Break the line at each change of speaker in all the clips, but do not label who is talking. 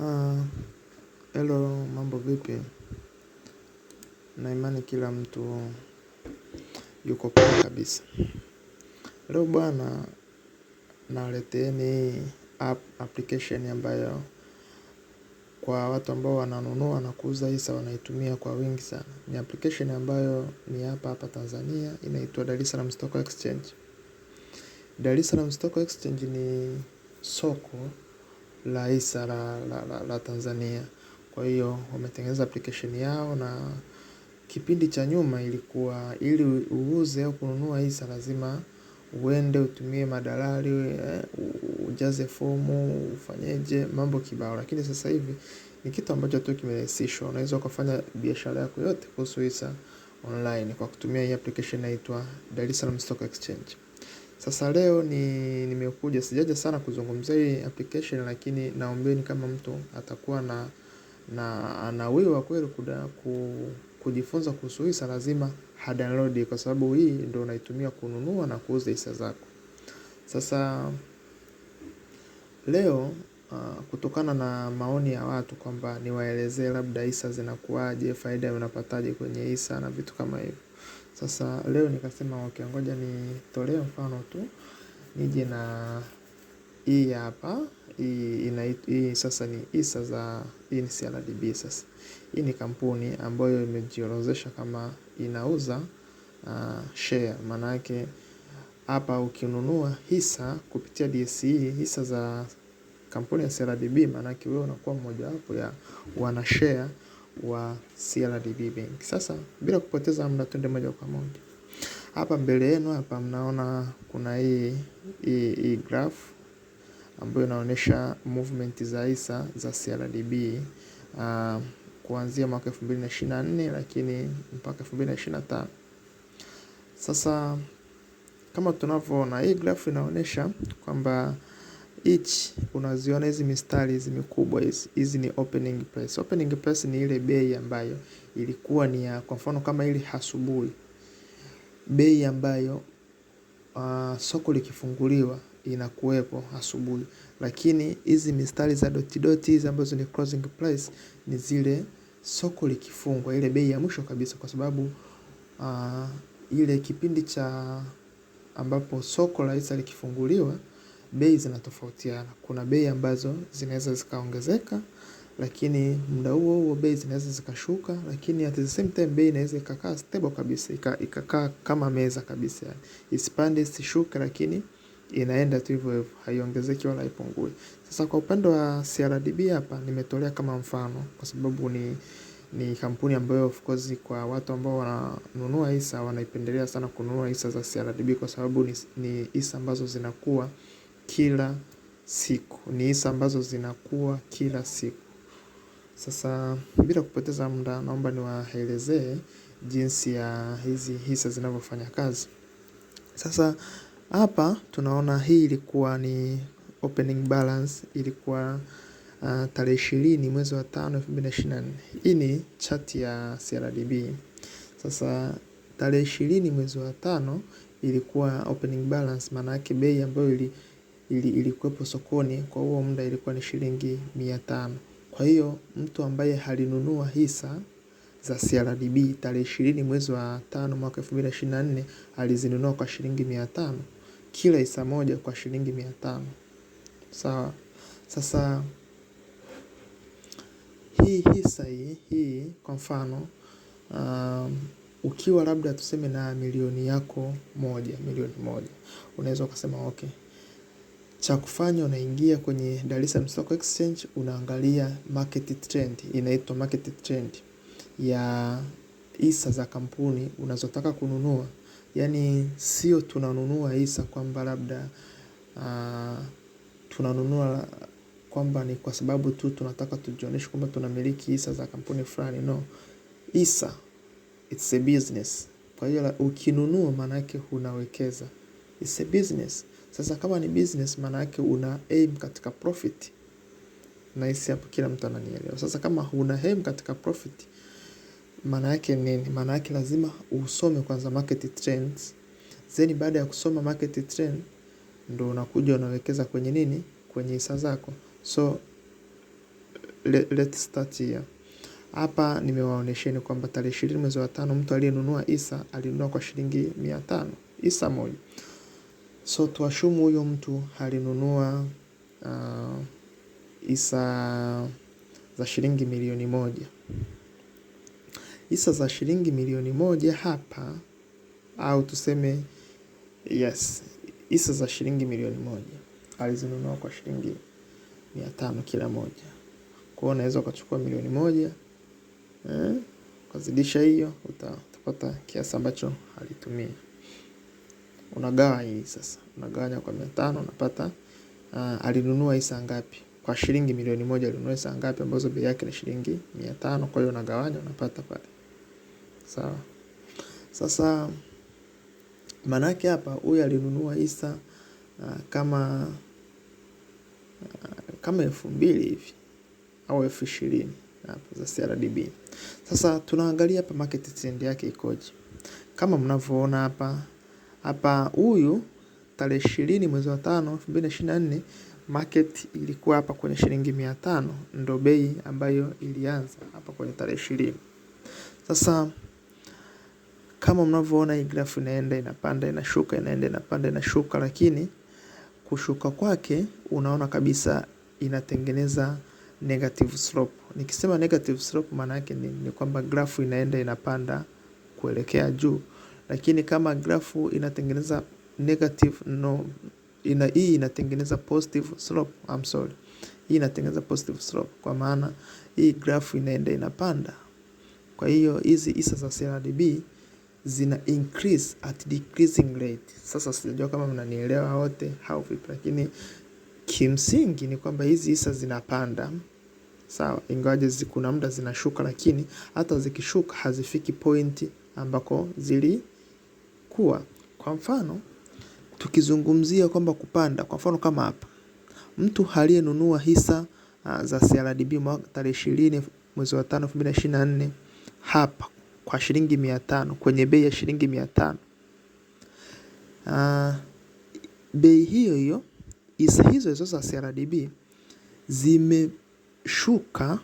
Ah, Hello mambo vipi na imani kila mtu yuko poa kabisa. Leo bwana naleteeni app application ambayo kwa watu ambao wananunua na kuuza hisa wanaitumia kwa wingi sana. Ni application ambayo ni hapa hapa Tanzania inaitwa Dar es Salaam Stock Exchange Dar es Salaam Stock Exchange ni soko la hisa la, la, la, la Tanzania. Kwa hiyo wametengeneza application yao na kipindi cha nyuma ilikuwa ili uuze au kununua hisa lazima uende utumie madalali, eh, ujaze fomu, ufanyeje mambo kibao, lakini sasa hivi ni kitu ambacho tu kimerahisishwa. Unaweza ukafanya biashara yako yote kuhusu hisa online kwa kutumia hii application inaitwa Dar es Salaam Stock Exchange. Sasa leo ni nimekuja, sijaja sana kuzungumzia hii application lakini naombeni kama mtu atakuwa na na anawiwa kweli kuda, ku, kujifunza kuhusu hisa lazima download, kwa sababu hii ndio unaitumia kununua na kuuza hisa zako. Sasa leo uh, kutokana na maoni ya watu kwamba niwaelezee labda hisa zinakuwaje, faida unapataje kwenye hisa na vitu kama hivyo. Sasa leo nikasema okay, ngoja nitolee mfano tu nije na hii e hapa hii, e hii e sasa ni hisa za hii ni CRDB. Sasa hii ni kampuni ambayo imejiorozesha kama inauza uh, share. Maana yake hapa ukinunua hisa kupitia DSE hisa za kampuni ya CRDB, maana yake wewe unakuwa mmojawapo ya wana share wa CRDB Bank. Sasa bila kupoteza muda tuende moja kwa moja hapa mbele yenu hapa, mnaona kuna hii hii, hii graph ambayo inaonyesha movement za hisa za CRDB uh, ah, kuanzia mwaka 2024 lakini mpaka 2025. Sasa kama tunavyoona hii graph inaonyesha kwamba Each unaziona hizi mistari hizi mikubwa hizi. Hizi ni opening price. Opening price ni ile bei ambayo ilikuwa ni ya kwa mfano kama ile asubuhi. Bei ambayo uh, soko likifunguliwa inakuwepo asubuhi. Lakini hizi mistari za dot dot hizi ambazo ni closing price ni zile soko likifungwa ile bei ya mwisho kabisa kwa sababu uh, ile kipindi cha ambapo soko la hisa likifunguliwa bei zinatofautiana. Kuna bei ambazo zinaweza zikaongezeka lakini muda huo huo bei zinaweza zikashuka lakini at the same time bei inaweza ikakaa stable kabisa ikakaa kama meza kabisa yani isipande isishuke lakini inaenda tu hivyo hivyo haiongezeki wala haipungui. Sasa kwa upande wa CRDB hapa nimetolea kama mfano kwa sababu ni ni kampuni ambayo of course kwa watu ambao wananunua hisa wanaipendelea sana kununua hisa za CRDB kwa sababu ni hisa ambazo zinakuwa kila siku, ni hisa ambazo zinakuwa kila siku. Sasa bila kupoteza muda naomba niwaelezee jinsi ya hizi hisa zinavyofanya kazi. Sasa hapa tunaona hii ilikuwa ni opening balance ilikuwa uh, tarehe ishirini mwezi wa tano elfu mbili na ishirini na nne. Hii ni chati ya CRDB. Sasa tarehe ishirini mwezi wa tano ilikuwa opening balance, maana yake bei ambayo ili, ilikuwepo sokoni kwa huo muda ilikuwa ni shilingi mia tano. Kwa hiyo mtu ambaye alinunua hisa za CRDB tarehe ishirini mwezi wa tano mwaka elfu mbili ishirini na nne alizinunua kwa shilingi mia tano. Kila hisa moja kwa shilingi mia tano. Sawa, sasa hii hisa hii kwa mfano um, ukiwa labda tuseme na milioni yako moja, milioni moja. Unaweza ukasema okay. Cha kufanya unaingia kwenye Dar es Salaam Stock Exchange unaangalia market trend, inaitwa market trend ya hisa za kampuni unazotaka kununua. Yaani sio tunanunua hisa kwamba labda ah, tunanunua kwamba ni kwa sababu tu tunataka tujionyeshe kwamba tunamiliki hisa za kampuni fulani no. Hisa, it's a business. Kwa hiyo ukinunua maana yake unawekeza. It's a business. Sasa kama ni business, maana yake una aim katika profit. Nahisi hapo kila mtu ananielewa. Sasa kama huna aim katika profit, maana yake nini? Maana yake lazima usome kwanza market trends. Then baada ya kusoma market trend, ndo unakuja unawekeza kwenye nini? Kwenye hisa zako. So, let, let's start here. Hapa nimewaonesheni kwamba tarehe ishirini mwezi wa tano mtu aliyenunua isa alinunua kwa shilingi mia tano hisa moja. So tuashumu huyu mtu alinunua uh, ah, isa za shilingi milioni moja. isa za shilingi milioni moja hapa au tuseme yes, isa za shilingi milioni moja alizinunua kwa shilingi mia tano kila moja. Kwa hiyo unaweza ukachukua milioni moja eh, ukazidisha hiyo utapata kiasi ambacho alitumia unagawa hii sasa, unagawanya kwa mia tano unapata uh, alinunua hii ngapi kwa shilingi milioni moja alinunua saa ngapi ambazo bei yake ni shilingi mia tano Kwa hiyo unagawanya unapata pale, sawa. Sasa maanake hapa huyu alinunua hii uh, kama uh, kama elfu mbili hivi au elfu ishirini hapa za CRDB. Sasa tunaangalia hapa market trend yake ikoje, kama mnavyoona hapa hapa huyu tarehe ishirini mwezi wa tano elfu mbili na ishirini na nne market ilikuwa hapa kwenye shilingi mia tano ndo bei ambayo ilianza hapa kwenye tarehe ishirini. Sasa kama mnavyoona hii grafu inaenda inapanda inashuka inaenda inapanda inashuka, lakini kushuka kwake unaona kabisa inatengeneza negative slope. Nikisema negative slope maana yake ni, ni kwamba grafu inaenda inapanda kuelekea juu. Lakini kama grafu inatengeneza negative no, ina, hii e inatengeneza positive slope. I'm sorry, hii e inatengeneza positive slope, kwa maana hii e grafu inaenda inapanda. Kwa hiyo hizi hisa za CRDB zina increase at decreasing rate. Sasa sijajua kama mnanielewa wote au vipi, lakini kimsingi ni kwamba hizi hisa zinapanda sawa, ingawaje kuna muda zinashuka, lakini hata zikishuka hazifiki point ambako zili kuwa kwa mfano tukizungumzia kwamba kupanda kwa mfano kama hapa mtu aliyenunua hisa ah, za CRDB mwaka tarehe 20 mwezi wa 5 hapa kwa shilingi 500 kwenye bei ya shilingi mia uh, bei hiyo hiyo hisa hizo hizo za CRDB zimeshuka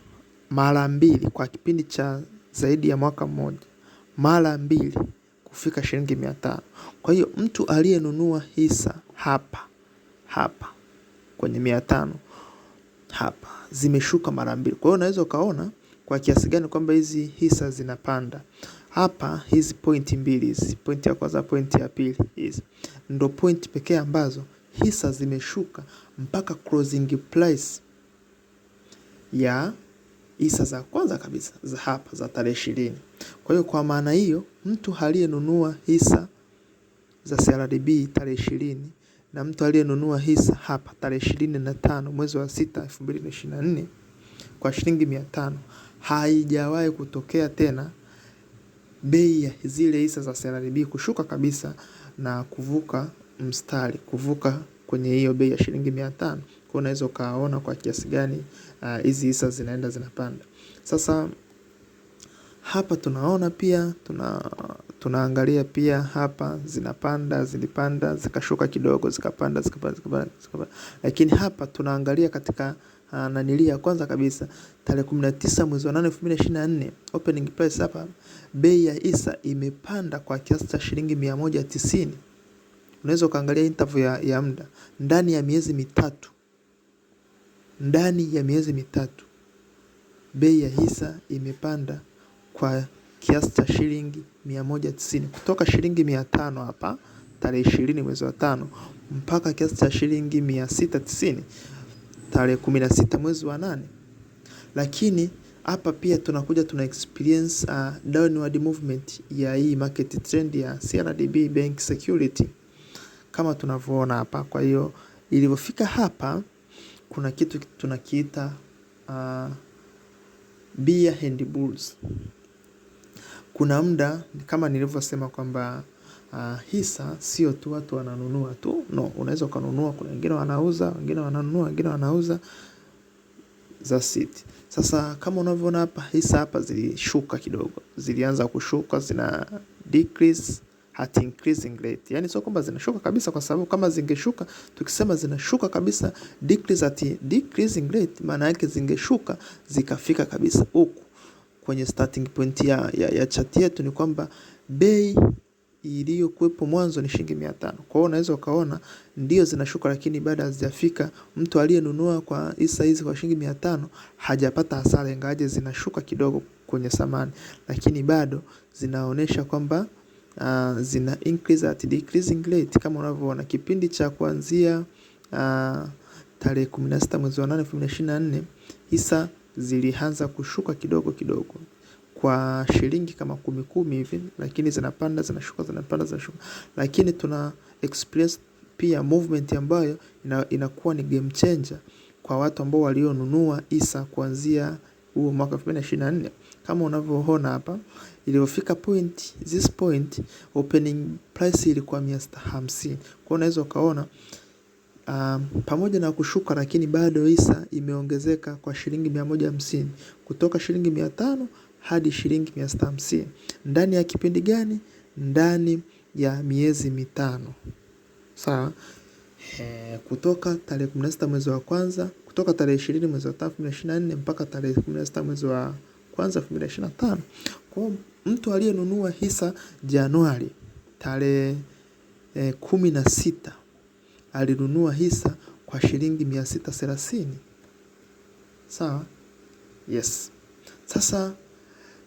mara mbili kwa kipindi cha zaidi ya mwaka mmoja, mara mbili kufika shilingi mia tano. Kwa hiyo mtu aliyenunua hisa hapa hapa kwenye mia tano hapa zimeshuka mara mbili. Kwa hiyo unaweza ukaona kwa kiasi gani kwamba hizi hisa zinapanda hapa. Hizi pointi mbili hizi, pointi ya kwanza, pointi ya pili, hizi ndo pointi pekee ambazo hisa zimeshuka mpaka closing price ya hisa za kwanza kabisa za hapa za tarehe ishirini. Kwa hiyo kwa maana hiyo, mtu aliyenunua hisa za CRDB tarehe ishirini na mtu aliyenunua hisa hapa tarehe ishirini na tano mwezi wa sita elfu mbili na ishirini na nne kwa shilingi mia tano haijawahi kutokea tena bei ya zile hisa za CRDB kushuka kabisa na kuvuka mstari, kuvuka kwenye hiyo bei ya shilingi mia tano. Kwa unaweza ukaona kwa kiasi gani ah, hizi uh, hisa zinaenda zinapanda. Sasa hapa tunaona pia, tuna, tunaangalia pia hapa zinapanda, zilipanda, zikashuka kidogo, zikapanda, zikapanda, zikapanda. zikapanda. Lakini hapa tunaangalia katika ah, nanili ya kwanza kabisa tarehe kumi na tisa mwezi wa nane elfu mbili na ishirini na nne opening price hapa bei ya hisa imepanda kwa kiasi cha shilingi mia moja tisini. Unaweza ukaangalia interval ya muda ndani ya miezi mitatu ndani ya miezi mitatu, bei ya hisa imepanda kwa kiasi cha shilingi 190 kutoka shilingi 500 hapa tarehe 20 mwezi wa tano mpaka kiasi cha shilingi 690 tarehe 16 mwezi wa nane. Lakini hapa pia tunakuja tuna experience uh, downward movement ya hii market trend ya CRDB Bank Security kama tunavyoona hapa. Kwa hiyo ilivyofika hapa kuna kitu tunakiita uh, beer and bulls. Kuna muda kama nilivyosema kwamba uh, hisa sio tu watu wananunua tu, no, unaweza ukanunua. Kuna wengine wanauza, wengine wananunua, wengine wanauza za City. Sasa kama unavyoona hapa, hisa hapa zilishuka kidogo, zilianza kushuka, zina decrease at increasing rate. Yani sio kwamba zinashuka kabisa, kwa sababu kama zingeshuka, tukisema zinashuka kabisa decrease at decreasing rate, maana yake zingeshuka zikafika kabisa huku kwenye starting point ya, ya, ya chati yetu ni kwamba bei iliyokuwepo mwanzo ni shilingi mia tano. Kwa hiyo unaweza ukaona ndio zinashuka, lakini bado hazijafika. Mtu aliyenunua kwa hisa hizi kwa shilingi mia tano hajapata hasara, ingawaje zinashuka kidogo kwenye thamani, lakini bado zinaonyesha kwamba uh, zina increase at decreasing rate kama unavyoona kipindi cha kuanzia uh, tarehe 16 mwezi wa 8 2024 hisa zilianza kushuka kidogo kidogo kwa shilingi kama kumi kumi hivi, lakini zinapanda zinashuka zinapanda zinashuka, lakini tuna experience pia movement ambayo ina, inakuwa ni game changer kwa watu ambao walionunua hisa kuanzia huo mwaka 2024 kama unavyoona hapa iliyofika point this point opening price ilikuwa 150. Kwa unaweza ukaona um, pamoja na kushuka lakini bado hisa imeongezeka kwa shilingi 150 kutoka shilingi 500 hadi shilingi 650. Ndani ya kipindi gani? Ndani ya miezi mitano. Sawa? Eh, kutoka tarehe 16 mwezi wa kwanza kutoka tarehe 20 mwezi wa 3 2024 mpaka tarehe 16 mwezi wa kwanza 2025. Kwa mtu aliyenunua hisa Januari tarehe eh, kumi na sita alinunua hisa kwa shilingi mia sita thelathini. Sawa? Yes. Sasa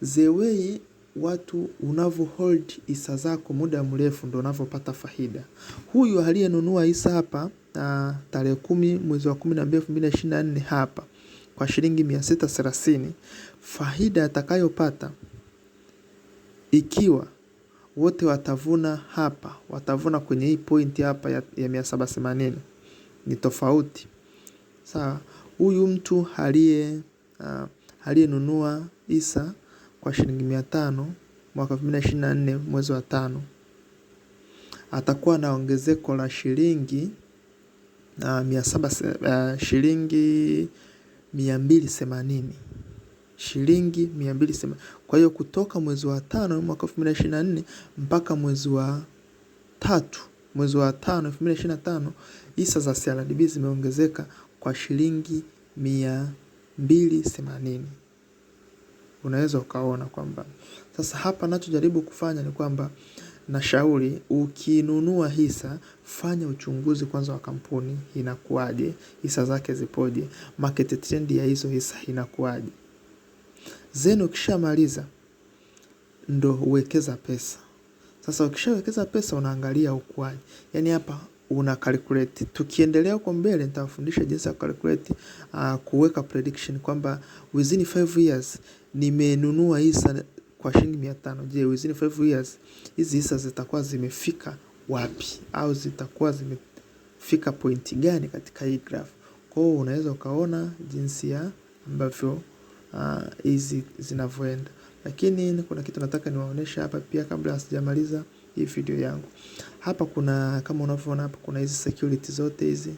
the way watu unavyo hold hisa zako muda mrefu ndo unavyopata faida. Huyu aliyenunua hisa hapa ah, tarehe kumi mwezi wa kumi na mbili elfu mbili na ishirini na nne hapa kwa shilingi mia sita thelathini. Faida atakayopata ikiwa wote watavuna hapa, watavuna kwenye hii pointi hapa ya, ya 780 ni tofauti sawa. Huyu mtu aliye uh, aliyenunua isa kwa shilingi 500 mwaka 2024 mwezi wa tano atakuwa na ongezeko la shilingi uh, mia saba, uh, shilingi 280 shilingi 270. Kwa hiyo kutoka mwezi wa tano mwaka 2024 mpaka mwezi wa tatu mwezi wa tano 2025 hisa za CRDB zimeongezeka kwa shilingi 280. Unaweza ukaona kwamba sasa hapa nachojaribu kufanya ni kwamba nashauri ukinunua hisa fanya uchunguzi kwanza wa kampuni inakuwaje, hisa zake zipoje, market trend ya hizo hisa inakuwaje. Then ukishamaliza ndo uwekeza pesa. Sasa ukishawekeza pesa unaangalia ukuaji. Yaani hapa una calculate. Tukiendelea huko mbele nitawafundisha jinsi ya calculate uh, kuweka prediction kwamba within 5 years nimenunua hisa kwa shilingi 500 Je, within 5 years hizi hisa zitakuwa zimefika wapi au zitakuwa zimefika pointi gani katika hii graph. kwao unaweza ukaona jinsi ya ambavyo Ah, hizi uh, zinavyoenda. Lakini kuna kitu nataka niwaoneshe hapa pia kabla sijamaliza hii video yangu. Hapa kuna kama unavyoona hapa kuna hizi security zote hizi.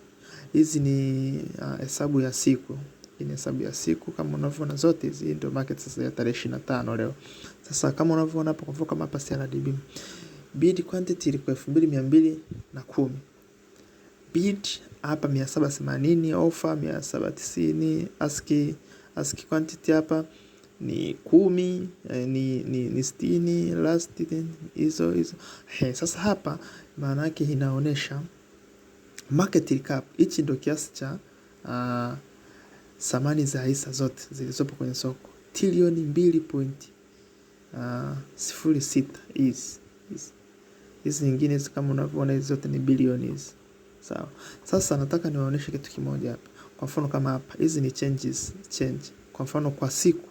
Hizi ni ah, hesabu uh, ya siku. Hii ni hesabu ya siku kama unavyoona zote hizi. ndio market sasa ya tarehe 25 leo. Sasa kama unavyoona hapa kwa mfano kama hapa CRDB. Bid quantity ilikuwa 2210. Bid hapa 780, offer 790, ASCII ASCII quantity hapa ni kumi, eh, ni, ni, ni sitini, last hizo hizo. Sasa hapa maana yake inaonesha market cap, hichi ndio kiasi cha uh, za hisa zote zilizopo kwenye soko trilioni mbili pointi uh, ah, sifuri sita. Hizi hizi nyingine kama unavyoona hizi zote ni bilioni hizi, sawa. Sasa nataka niwaoneshe kitu kimoja hapa kwa mfano kama hapa, hizi ni changes, change. Kwa mfano kwa siku.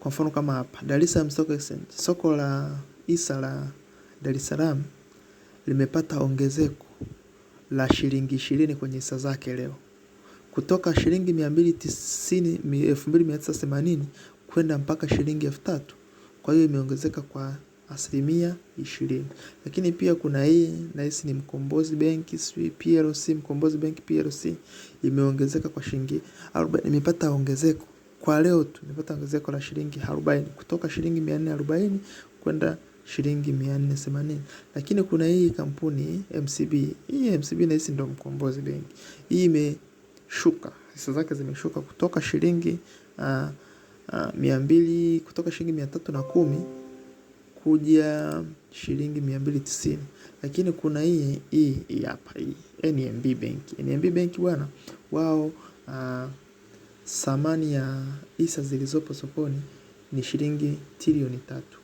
Kwa mfano kama hapa, Dar es Salaam Stock Exchange, soko la hisa la Dar es Salaam limepata ongezeko la shilingi ishirini kwenye hisa zake leo kutoka shilingi mia mbili tisini elfu mbili mia tisa themanini kwenda mpaka shilingi elfu tatu. Kwa hiyo imeongezeka kwa asilimia ishirini. Lakini pia kuna hii nahisi ni Mkombozi Benki, sijui PLC, Mkombozi Benki PLC imeongezeka kwa shilingi 40, imepata ongezeko kwa leo tu, nimepata ongezeko la shilingi 40 kutoka shilingi 440 kwenda shilingi 480. Lakini kuna hii kampuni MCB, hii MCB nahisi ndo Mkombozi Benki, hii imeshuka, hisa zake zimeshuka kutoka shilingi uh, uh, mia mbili kutoka shilingi mia tatu na kumi kuja shilingi mia mbili tisini. Lakini kuna hii hii hapa hii NMB Bank. NMB Bank bwana wao ah, thamani ya hisa zilizopo sokoni ni shilingi trilioni tatu.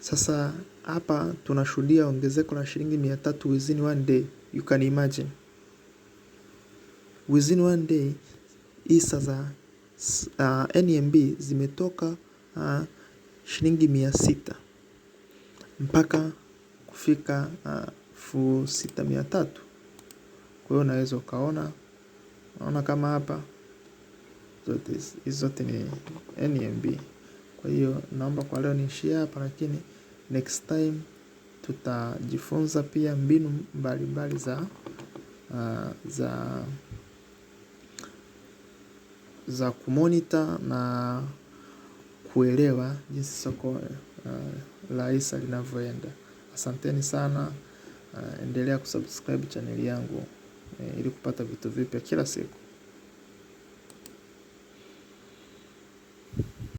Sasa hapa tunashuhudia ongezeko la shilingi mia tatu within one day. You can imagine. Within one day hisa za uh, ah, NMB zimetoka uh, shilingi mia sita mpaka kufika ah, elfu sita mia tatu. Kwa hiyo unaweza ukaona, unaona kama hapa zote hizo zote ni NMB. Kwa hiyo naomba kwa leo niishie hapa, lakini next time tutajifunza pia mbinu mbalimbali mbali za, uh, za za kumonita na kuelewa jinsi soko Uh, la linavyoenda. Asanteni sana, uh, endelea kusubscribe chaneli yangu uh, ili kupata vitu vipya kila siku.